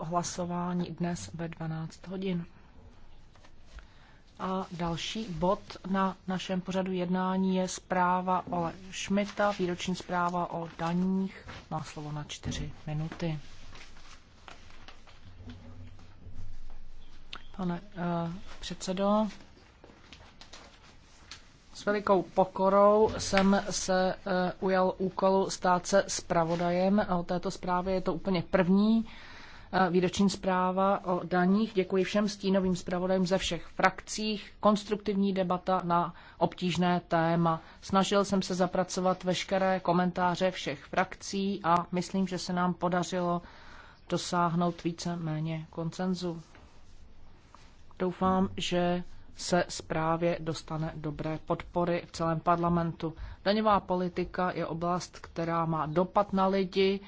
hlasování dnes ve 12 hodin. A další bod na našem pořadu jednání je zpráva o Šmita, výroční zpráva o daních. Má slovo na čtyři minuty. Pane uh, předsedo, s velikou pokorou jsem se uh, ujal úkolu stát se zpravodajem. O této zprávě je to úplně první výroční zpráva o daních. Děkuji všem stínovým zpravodajům ze všech frakcích. Konstruktivní debata na obtížné téma. Snažil jsem se zapracovat veškeré komentáře všech frakcí a myslím, že se nám podařilo dosáhnout více méně koncenzu. Doufám, že se zprávě dostane dobré podpory v celém parlamentu. Daňová politika je oblast, která má dopad na lidi,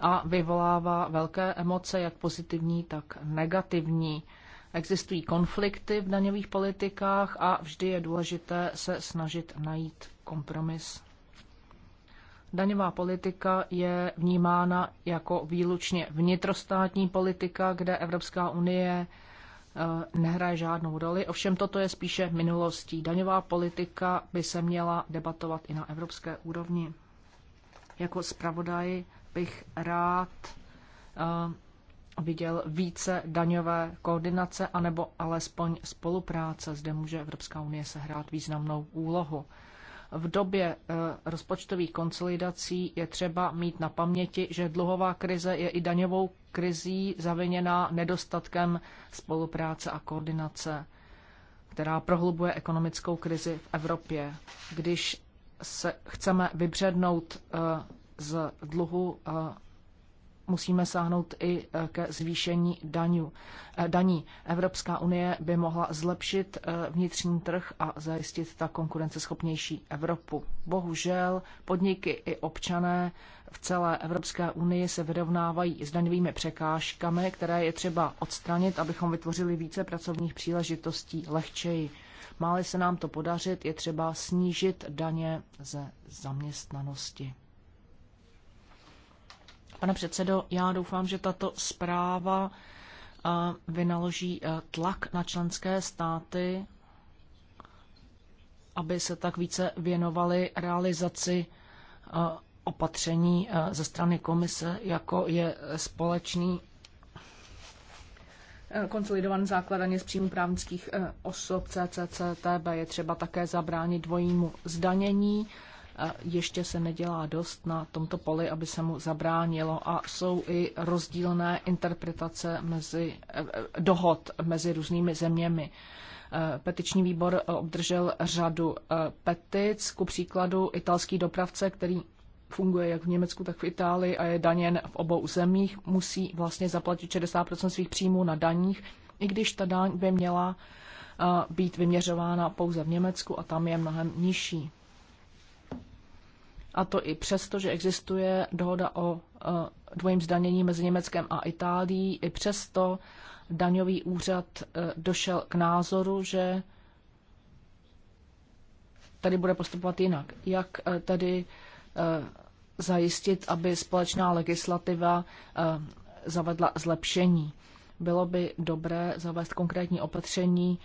a vyvolává velké emoce, jak pozitivní, tak negativní. Existují konflikty v daňových politikách a vždy je důležité se snažit najít kompromis. Daňová politika je vnímána jako výlučně vnitrostátní politika, kde Evropská unie eh, nehraje žádnou roli. Ovšem toto je spíše minulostí. Daňová politika by se měla debatovat i na evropské úrovni. Jako zpravodaj bych rád eh, viděl více daňové koordinace anebo alespoň spolupráce. Zde může Evropská unie sehrát významnou úlohu. V době eh, rozpočtových konsolidací je třeba mít na paměti, že dluhová krize je i daňovou krizí zaviněná nedostatkem spolupráce a koordinace, která prohlubuje ekonomickou krizi v Evropě. Když se chceme vybřednout eh, z dluhu musíme sáhnout i eh, ke zvýšení daňu, eh, daní. Evropská unie by mohla zlepšit eh, vnitřní trh a zajistit tak konkurenceschopnější Evropu. Bohužel podniky i občané v celé Evropské unii se vyrovnávají s daňovými překážkami, které je třeba odstranit, abychom vytvořili více pracovních příležitostí lehčeji. Máli se nám to podařit, je třeba snížit daně ze zaměstnanosti. Pane předsedo, já doufám, že tato zpráva eh, vynaloží eh, tlak na členské státy, aby se tak více věnovali realizaci eh, opatření ze strany komise, jako je společný konsolidovaný základaně z příjmu právnických osob CCCTB je třeba také zabránit dvojímu zdanění ještě se nedělá dost na tomto poli, aby se mu zabránilo. A jsou i rozdílné interpretace mezi, eh, dohod mezi různými zeměmi. Eh, petiční výbor obdržel řadu eh, petic, ku příkladu italský dopravce, který funguje jak v Německu, tak v Itálii a je daněn v obou zemích, musí vlastně zaplatit 60% svých příjmů na daních, i když ta daň by měla být vyměřována pouze v Německu a tam je mnohem nižší. A to i přesto, že existuje dohoda o e, dvojím zdanění mezi Německem a Itálií, i přesto daňový úřad e, došel k názoru, že tady bude postupovat jinak. Jak e, tady zajistit, aby společná legislativa zavedla zlepšení? Bylo by dobré zavést konkrétní opatření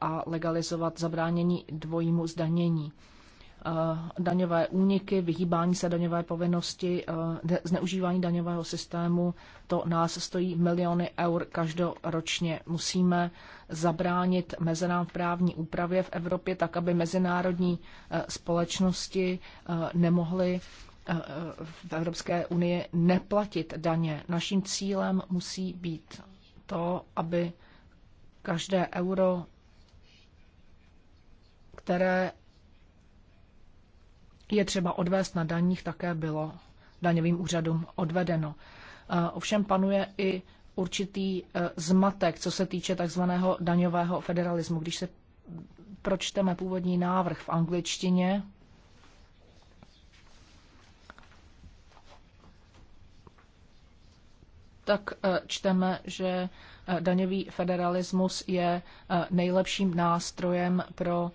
a legalizovat zabránění dvojímu zdanění. Eh, daňové úniky, vyhýbání se daňové povinnosti, eh, zneužívání daňového systému, to nás stojí miliony eur každoročně. Musíme zabránit mezerám v právní úpravě v Evropě tak, aby mezinárodní eh, společnosti nemohly v Evropské unii neplatit daně. Naším cílem musí být to, aby každé euro, které je třeba odvést na daních, také bylo daňovým úřadům odvedeno. Eh, ovšem panuje i určitý eh, zmatek, co se týče takzvaného daňového federalismu. Když se pročteme původní návrh v angličtině, tak eh, čteme, že daňový federalismus je nejlepším nástrojem pro,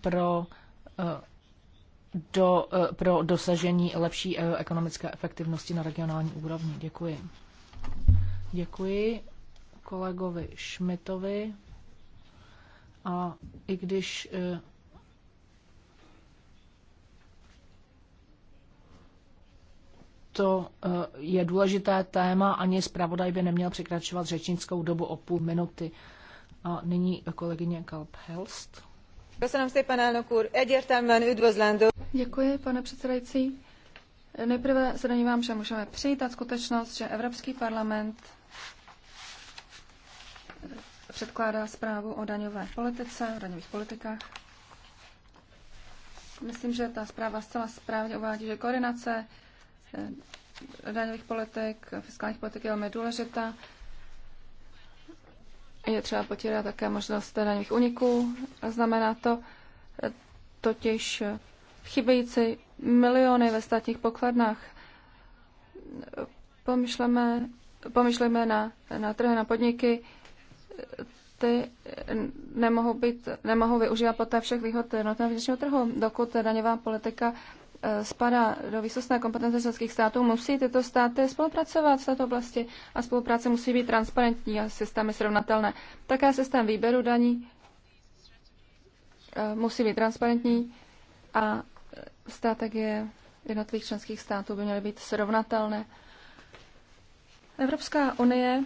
pro do, eh, pro dosažení lepší eh, ekonomické efektivnosti na regionální úrovni. Děkuji. Děkuji kolegovi Šmitovi. A i když eh, to je důležité téma, ani zpravodaj by neměl překračovat řečnickou dobu o půl minuty. A nyní kolegyně Kalp Helst. Děkuji, pane předsedající. Nejprve se domnívám, že můžeme přivítat skutečnost, že Evropský parlament předkládá zprávu o daňové politice, o daňových politikách. Myslím, že ta zpráva zcela správně uvádí, že koordinace eh, daňových politik, fiskálních politik je velmi důležitá. Je třeba potírat také možnost nich uniků. Znamená to eh, totiž eh, chybějící miliony ve státních pokladnách. Pomyšleme, pomyšleme na, na trhy, na podniky. Ty eh, nemohou, být, nemohou využívat poté všech výhod jednotného vnitřního trhu, dokud daňová politika Eh, spadá do výsostné kompetence členských států, musí tyto státy spolupracovat v této oblasti a spolupráce musí být transparentní a systémy srovnatelné. Také systém výběru daní eh, musí být transparentní a eh, strategie jednotlivých členských států by měly být srovnatelné. Evropská unie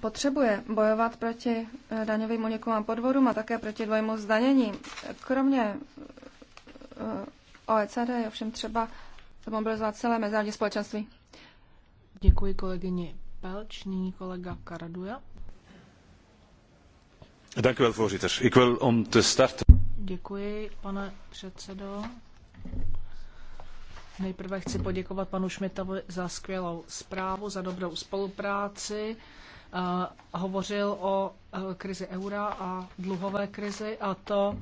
potřebuje bojovat proti daňovým unikům a podvodům a také proti dvojmu zdanění. Kromě OECD je ovšem třeba mobilizovat celé mezinárodní společenství. Děkuji kolegyni Pelč, nyní kolega Karaduja. Děkuji, pane předsedo. Nejprve chci poděkovat panu Šmitovi za skvělou zprávu, za dobrou spolupráci. Uh, hovořil o uh, krizi eura a dluhové krizi a to uh,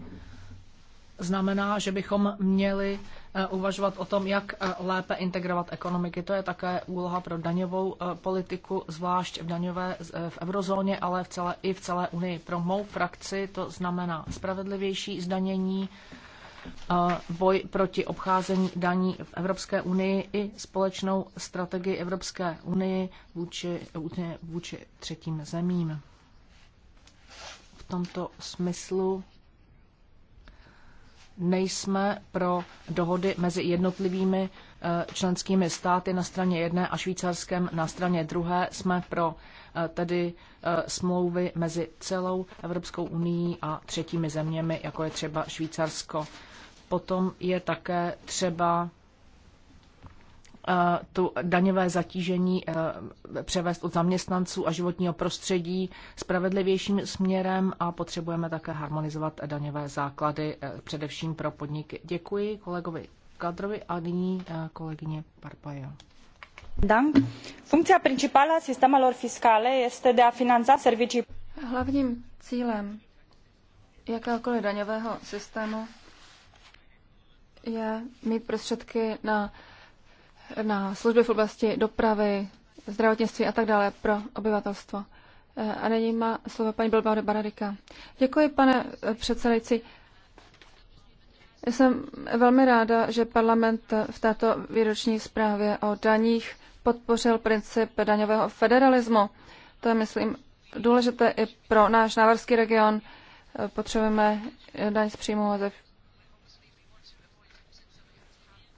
znamená, že bychom měli eh, uvažovat o tom, jak eh, lépe integrovat ekonomiky. To je také úloha pro daňovou eh, politiku, zvlášť v daňové v eurozóně, ale v celé, i v celé Unii. Pro mou frakci to znamená spravedlivější zdanění, boj proti obcházení daní v Evropské unii i společnou strategii Evropské unii vůči, vůči třetím zemím. V tomto smyslu nejsme pro dohody mezi jednotlivými eh, členskými státy na straně jedné a Švýcarskem na straně druhé. Jsme pro eh, tedy eh, smlouvy mezi celou Evropskou unii a třetími zeměmi, jako je třeba Švýcarsko. Potom je také třeba Eh, tu daňové zatížení eh, převést od zaměstnanců a životního prostředí spravedlivějším směrem a potřebujeme také harmonizovat daňové základy eh, především pro podniky. Děkuji kolegovi Kadrovi a nyní kolegyně Parpaja. Dank. Funkce principála systému lor fiskále je de a finanța Hlavním cílem jakéhokoliv daňového systému je mít prostředky na na služby v oblasti dopravy, zdravotnictví a tak dále pro obyvatelstvo. Eh, a nyní má slovo paní Bilbao Baradika. Děkuji, pane eh, předsedající. Jsem velmi ráda, že parlament eh, v této výroční zprávě o daních podpořil princip daňového federalismu. To je, myslím, důležité i pro náš návrský region. Potřebujeme daň z příjmu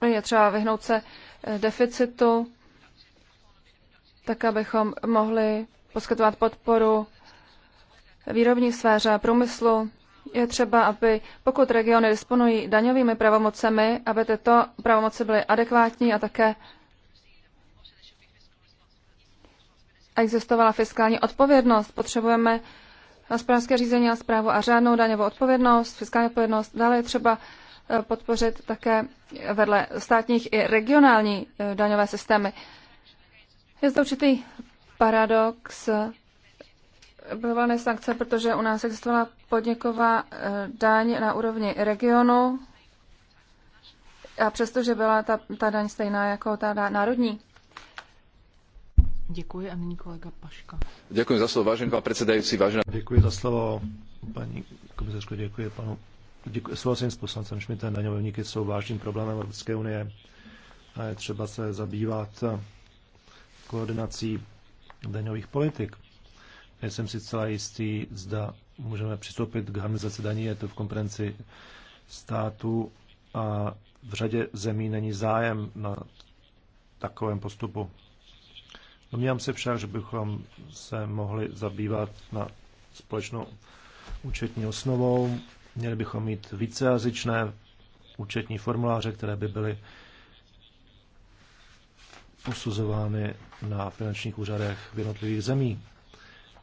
je třeba vyhnout se deficitu, tak abychom mohli poskytovat podporu výrobní sféře a průmyslu. Je třeba, aby pokud regiony disponují daňovými pravomocemi, aby tyto pravomoci byly adekvátní a také existovala fiskální odpovědnost. Potřebujeme hospodářské řízení a zprávu a řádnou daňovou odpovědnost, fiskální odpovědnost. Dále je třeba podpořit také vedle státních i regionální eh, daňové systémy. Je to určitý paradox globální eh, sankce, protože u nás existovala podniková eh, daň na úrovni regionu a přestože byla ta, ta daň stejná jako ta národní. Děkuji a nyní kolega Paška. Děkuji za slovo, vážený pan předsedající, vážená. Děkuji za slovo, paní komisařko, děkuji panu Děkuji, souhlasím s poslancem Šmitem, daňové vníky jsou vážným problémem Evropské unie a je třeba se zabývat koordinací daňových politik. Nejsem si celá jistý, zda můžeme přistoupit k harmonizaci daní, je to v konferenci států a v řadě zemí není zájem na takovém postupu. Domnívám se však, že bychom se mohli zabývat na společnou účetní osnovou Měli bychom mít vícejazyčné účetní formuláře, které by byly posuzovány na finančních úřadech v jednotlivých zemí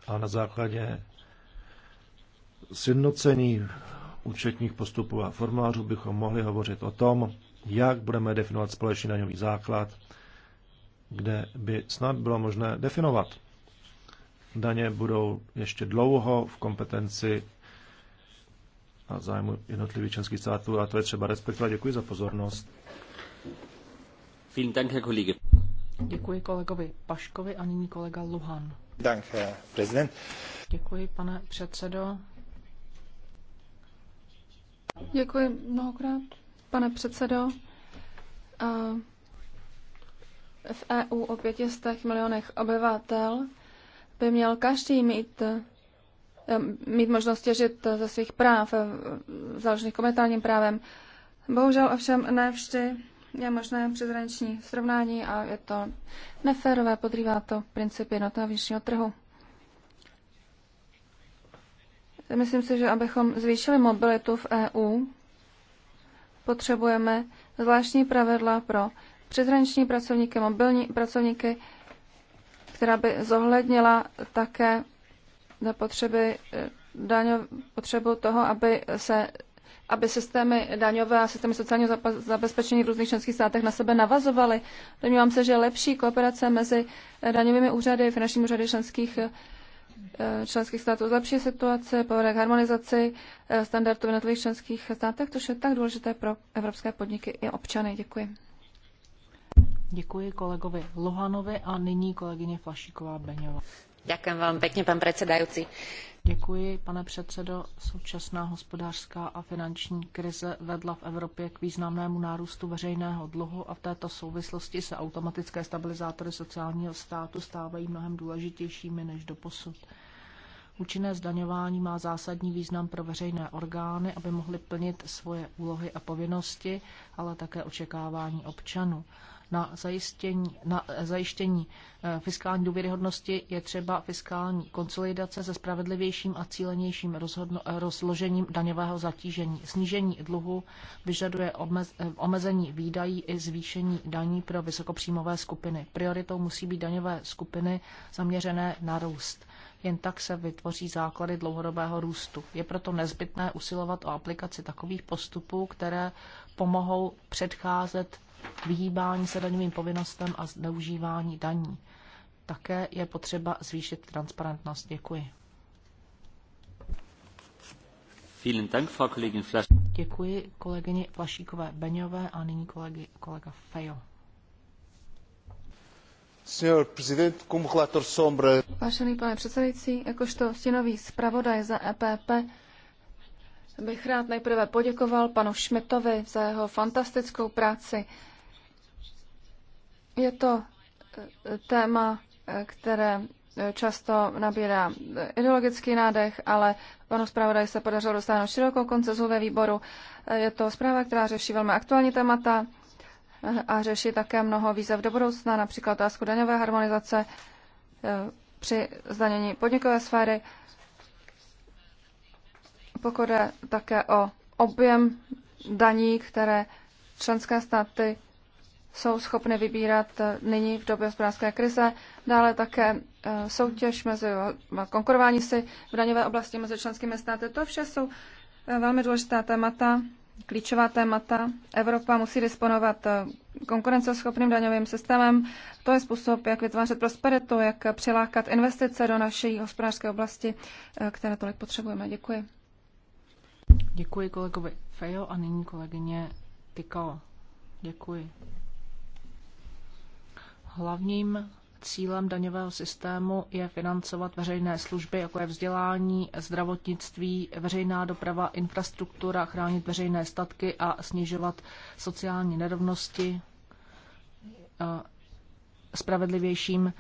a na základě sjednocení účetních postupů a formulářů bychom mohli hovořit o tom, jak budeme definovat společný daňový základ, kde by snad bylo možné definovat. Daně budou ještě dlouho v kompetenci a zájmu jednotlivých členských států a to je třeba respektovat. Děkuji za pozornost. Děkuji kolegovi Paškovi a nyní kolega Luhan. Dank, prezident. Děkuji, pane předsedo. Děkuji mnohokrát, pane předsedo. V EU o 500 milionech obyvatel by měl každý mít Um, mít možnost těžit eh, ze svých práv, eh, založených komentárním právem. Bohužel ovšem ne vždy je možné přezraniční srovnání a je to neférové, podrývá to princip jednotného vnitřního trhu. Myslím si, že abychom zvýšili mobilitu v EU, potřebujeme zvláštní pravidla pro přezraniční pracovníky, mobilní pracovníky, která by zohlednila také za potřeby eh, daňo, potřebu toho, aby se aby systémy daňové a systémy sociálního zabezpečení v různých členských státech na sebe navazovaly. Domnívám se, že lepší kooperace mezi daňovými úřady, finančními úřady členských eh, členských států zlepší situace, povede k harmonizaci eh, standardů v jednotlivých členských státech, což je tak důležité pro evropské podniky i občany. Děkuji. Děkuji kolegovi Lohanovi a nyní kolegyně Flašíková Beňová. Ďakujem vám pekne, pan predsedajúci. Děkuji, pane předsedo. Současná hospodářská a finanční krize vedla v Evropě k významnému nárůstu veřejného dluhu a v této souvislosti se automatické stabilizátory sociálního státu stávají mnohem důležitějšími než doposud. Účinné zdaňování má zásadní význam pro veřejné orgány, aby mohly plnit svoje úlohy a povinnosti, ale také očekávání občanů. Na zajištění, na eh, zajištění eh, fiskální důvěryhodnosti je třeba fiskální konsolidace se spravedlivějším a cílenějším rozhodno, eh, rozložením daňového zatížení. Snížení dluhu vyžaduje omez, omezení výdají i zvýšení daní pro vysokopříjmové skupiny. Prioritou musí být daňové skupiny zaměřené na růst. Jen tak se vytvoří základy dlouhodobého růstu. Je proto nezbytné usilovat o aplikaci takových postupů, které pomohou předcházet vyhýbání se daňovým povinnostem a zneužívání daní. Také je potřeba zvýšit transparentnost. Děkuji. Děkuji kolegyni Flašíkové Beňové a nyní kolegy, kolega Fejo. Vážený pane předsedající, jakožto stěnový zpravodaj za EPP bych rád nejprve poděkoval panu Šmitovi za jeho fantastickou práci. Je to eh, téma, eh, které eh, často nabírá ideologický nádech, ale panu zpravodaji se podařilo na širokou koncezu ve výboru. Je to zpráva, která řeší velmi aktuální témata a řeší také mnoho výzev do budoucna, například otázku daňové harmonizace při zdanění podnikové sféry. Pokud je také o objem daní, které členské státy jsou schopny vybírat eh, nyní v době hospodářské krize. Dále také eh, soutěž mezi eh, konkurování si v daňové oblasti mezi členskými státy. To vše jsou velmi důležitá témata, klíčová témata. Evropa musí disponovat konkurenceschopným daňovým systémem. To je způsob, jak vytvářet prosperitu, jak přilákat investice do naší hospodářské oblasti, které tolik potřebujeme. Děkuji. Děkuji kolegovi Fejo a nyní kolegyně Tykalo. Děkuji. Hlavním cílem daňového systému je financovat veřejné služby, jako je vzdělání, zdravotnictví, veřejná doprava, infrastruktura, chránit veřejné statky a snižovat sociální nerovnosti spravedlivějším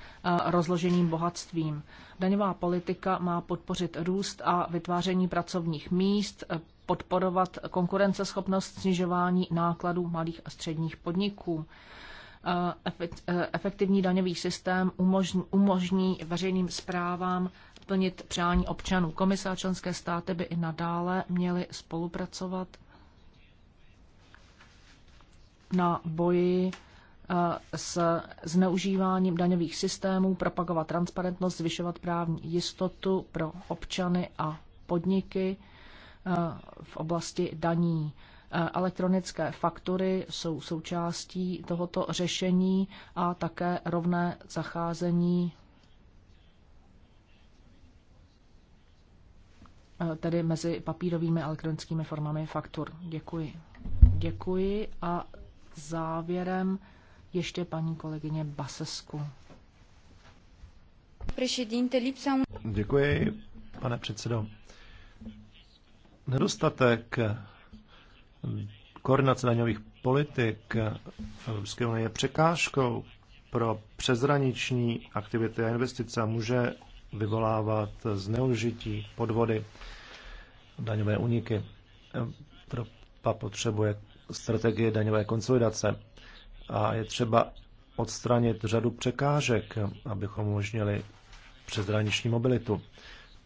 rozložením bohatstvím. Daňová politika má podpořit růst a vytváření pracovních míst, podporovat konkurenceschopnost snižování nákladů malých a středních podniků. Eh, eh, efektivní daňový systém umožní, umožní veřejným zprávám plnit přání občanů. Komise a členské státy by i nadále měly spolupracovat na boji eh, s zneužíváním daňových systémů, propagovat transparentnost, zvyšovat právní jistotu pro občany a podniky v oblasti daní. Eh, elektronické faktury jsou součástí tohoto řešení a také rovné zacházení eh, tedy mezi papírovými a elektronickými formami faktur. Děkuji. Děkuji a závěrem ještě paní kolegyně Basesku. Děkuji, pane předsedo. Nedostatek koordinace daňových politik Evropské unie je překážkou pro přezraniční aktivity a investice a může vyvolávat zneužití, podvody, daňové uniky. Evropa potřebuje strategie daňové konsolidace a je třeba odstranit řadu překážek, abychom umožnili přezraniční mobilitu.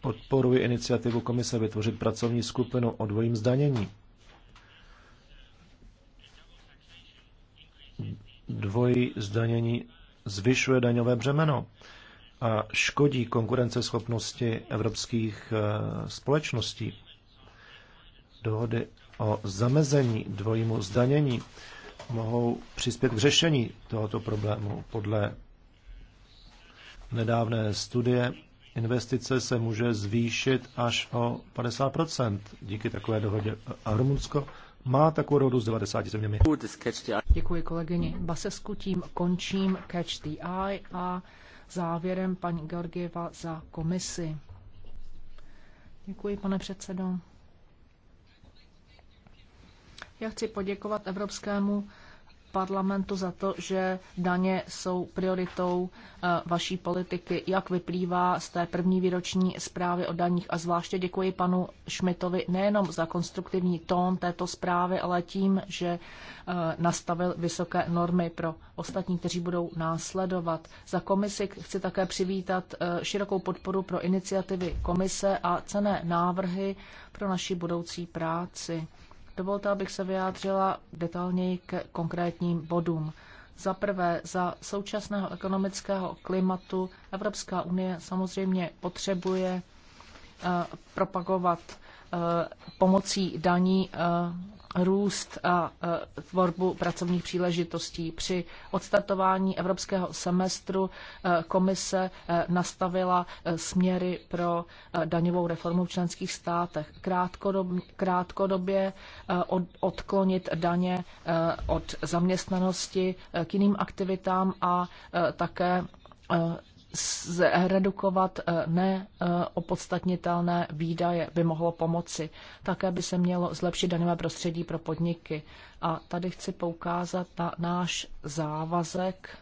Podporuji iniciativu komise vytvořit pracovní skupinu o dvojím zdanění dvojí zdanění zvyšuje daňové břemeno a škodí konkurenceschopnosti evropských eh, společností. Dohody o zamezení dvojímu zdanění mohou přispět k řešení tohoto problému. Podle nedávné studie investice se může zvýšit až o 50 díky takové dohodě. A Rumunsko má takovou dohodu s 90 zeměmi. Děkuji kolegyni Basesku, tím končím Catch the Eye a závěrem paní Georgieva za komisi. Děkuji, pane předsedo. Já chci poděkovat Evropskému parlamentu za to, že daně jsou prioritou eh, vaší politiky, jak vyplývá z té první výroční zprávy o daních. A zvláště děkuji panu Šmitovi nejenom za konstruktivní tón této zprávy, ale tím, že eh, nastavil vysoké normy pro ostatní, kteří budou následovat. Za komisi chci také přivítat eh, širokou podporu pro iniciativy komise a cené návrhy pro naši budoucí práci. Dovolte, abych se vyjádřila detailněji k konkrétním bodům. Za prvé, za současného ekonomického klimatu Evropská unie samozřejmě potřebuje eh, propagovat Eh, pomocí daní eh, růst a eh, tvorbu pracovních příležitostí. Při odstartování evropského semestru komise nastavila směry pro daňovou reformu v členských státech. Krátkodobě odklonit daně od zaměstnanosti k jiným aktivitám a také zredukovat eh, neopodstatnitelné výdaje by mohlo pomoci. Také by se mělo zlepšit daňové prostředí pro podniky. A tady chci poukázat na náš závazek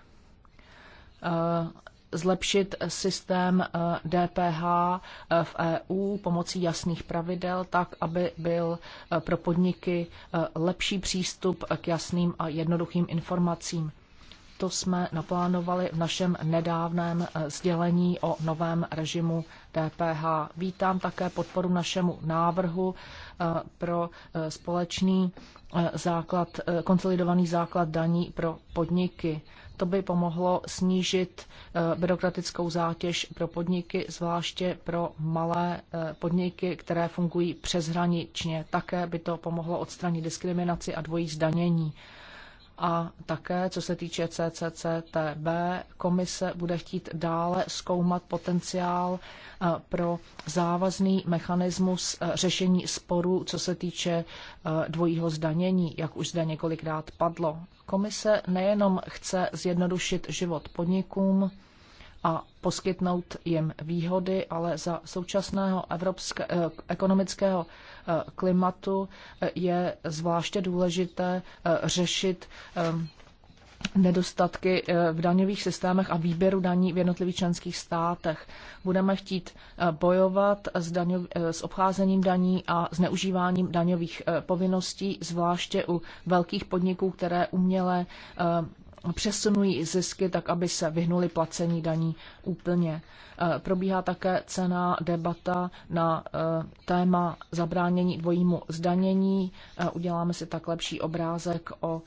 eh, zlepšit systém DPH eh, v EU pomocí jasných pravidel, tak aby byl pro podniky lepší přístup k jasným a jednoduchým informacím to jsme naplánovali v našem nedávném eh, sdělení o novém režimu DPH. Vítám také podporu našemu návrhu eh, pro eh, společný základ, konsolidovaný základ daní pro podniky. To by pomohlo snížit byrokratickou zátěž pro podniky, zvláště pro malé podniky, které fungují přeshraničně. Také by to pomohlo odstranit diskriminaci a dvojí zdanění. A také, co se týče CCCTB, komise bude chtít dále zkoumat potenciál eh, pro závazný mechanismus eh, řešení sporů, co se týče eh, dvojího zdanění, jak už zde několikrát padlo. Komise nejenom chce zjednodušit život podnikům, a poskytnout jim výhody, ale za současného evropské, eh, ekonomického eh, klimatu eh, je zvláště důležité řešit nedostatky v daňových systémech a výběru daní v jednotlivých členských státech. Budeme chtít bojovat s, daňov, s obcházením daní a zneužíváním daňových povinností, zvláště u velkých podniků, které uměle přesunují zisky tak, aby se vyhnuli placení daní úplně. Eh, probíhá také cená debata na eh, téma zabránění dvojímu zdanění. Eh, uděláme si tak lepší obrázek o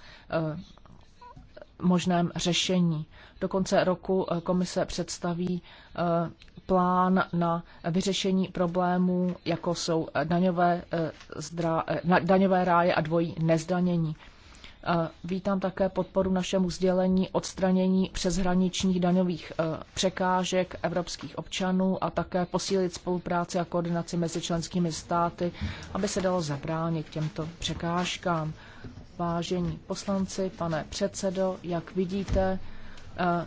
možném řešení. Do konce roku komise představí plán na vyřešení problémů, jako jsou daňové, zdra, daňové ráje a dvojí nezdanění. Vítám také podporu našemu sdělení odstranění přeshraničních daňových e, překážek evropských občanů a také posílit spolupráci a koordinaci mezi členskými státy, aby se dalo zabránit těmto překážkám. Vážení poslanci, pane předsedo, jak vidíte, e,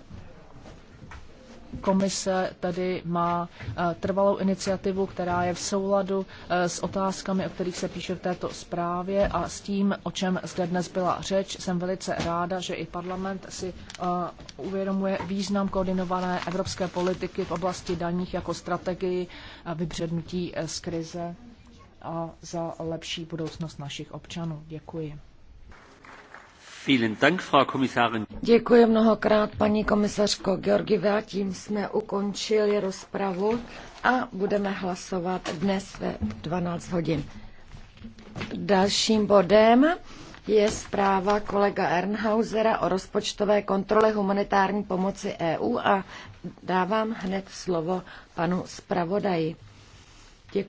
komise tady má eh, trvalou iniciativu, která je v souladu eh, s otázkami, o kterých se píše v této zprávě a s tím, o čem zde dnes byla řeč. Jsem velice ráda, že i parlament si eh, uvědomuje význam koordinované evropské politiky v oblasti daních jako strategii vybřednutí z krize a za lepší budoucnost našich občanů. Děkuji. Děkuji mnohokrát, paní komisařko Georgieva. Tím jsme ukončili rozpravu a budeme hlasovat dnes ve 12 hodin. Dalším bodem je zpráva kolega Ernhausera o rozpočtové kontrole humanitární pomoci EU a dávám hned slovo panu zpravodaji.